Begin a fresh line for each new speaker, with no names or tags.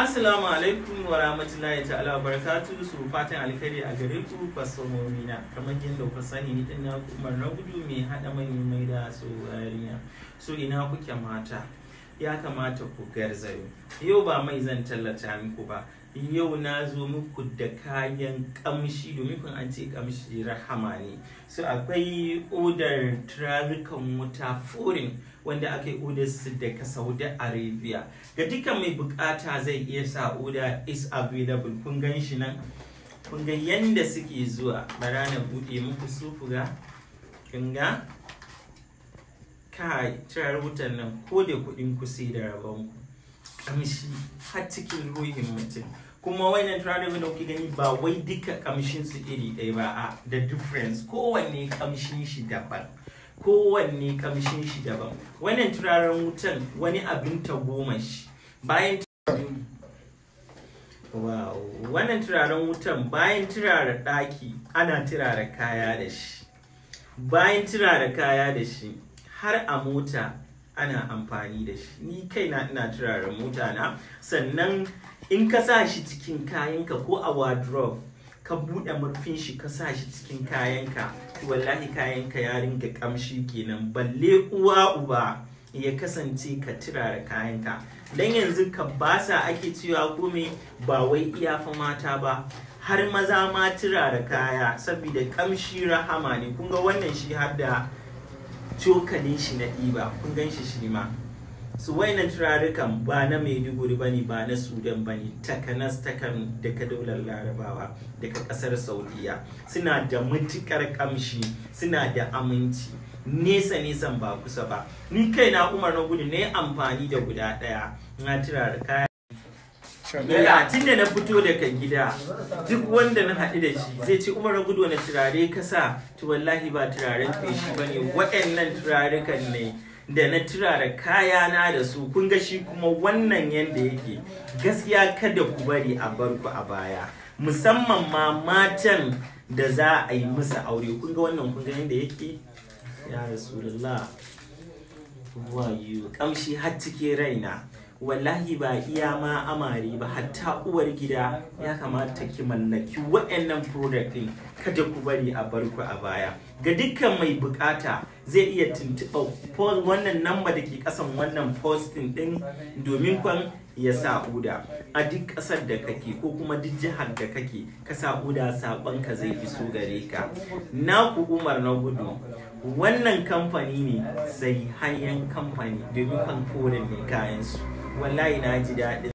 Assalamu alaikum wa rahmatullahi ta'ala wa barakatu su fatan alkhairi a gare ku kwastomomi na kamar yadda ku sani ni din na Umar gudu mai hada mai mai da so ina kuke mata ya kamata ku garzayo yau ba mai zan tallata muku ba yau na zo muku da kayan kamshi domin kun an ce kamshi rahama ne so akwai odar trafikan wuta foreign wanda aka yi su daga saudi arabia ga dukkan mai bukata zai iya sa oda is available kun gan shi nan kun ga yanda suke zuwa bara na buɗe muku su kun ga ta cira wutan nan ko da kuɗin ku sai da rabon ku kamshi har cikin ruhin mutum kuma wannan turarumin da kuke gani ba wai duka kamshin su iri ɗaya ba a the difference kowanne kamshin shi daban kowanne kamshin shi daban wannan turaren wutan wani abin ta goma shi bayan wow wannan turaren wutan bayan turare ɗaki ana turare kaya da shi bayan turare kaya da shi har a mota ana amfani da shi ni kaina ina turaren mota na sannan in ka sa shi cikin kayanka ko a wardrobe ka buɗe murfin shi ka sa shi cikin kayanka wallahi kayanka ya ringa kamshi kenan balle uwa uba ya kasance ka turare kayanka dan yanzu ka basa ake cewa kome ba wai iyafa mata ba har maza ma turare kaya saboda kamshi rahama ne kun ga wannan shi har da cokalin shi na ɗiba kun gan shi shi ma su wayanan turarukan ba na maiduguri ba ne ba na sudan ba ne takanas takan daga daular larabawa daga ƙasar saudiya suna da matukar ƙamshi, suna da aminci nesa nesan ba kusa ba ni kaina umar na gudu na yi amfani da guda ɗaya na turarruka Daga tun da na fito daga gida duk wanda na haɗu da shi zai ce umarar gudu wani turare ka sa to wallahi ba turaren feshi ba ne waɗannan turarukan ne da na turara kayana da su kun ga shi kuma wannan yanda yake gaskiya kada ku bari a bar ku a baya musamman ma matan da za a yi musu aure kun ga wannan kun ga yanda yake ya rasulullah who are kamshi har cike raina wallahi ba iya ma amare ba hatta uwar gida ya kamata ki mallaki waɗannan product ɗin kada ku bari a barku a baya ga dukkan mai bukata zai iya tuntuɓa wannan namba da ke ƙasan wannan postin ɗin domin kwan ya sa uda a duk ƙasar da kake ko kuma duk jihar da kake ka sa uda saƙonka zai iso gare ka Na ku umar na gudu wannan kamfani ne sai hanyar kamfani domin kan kore mai kayansu wallahi na ji daɗin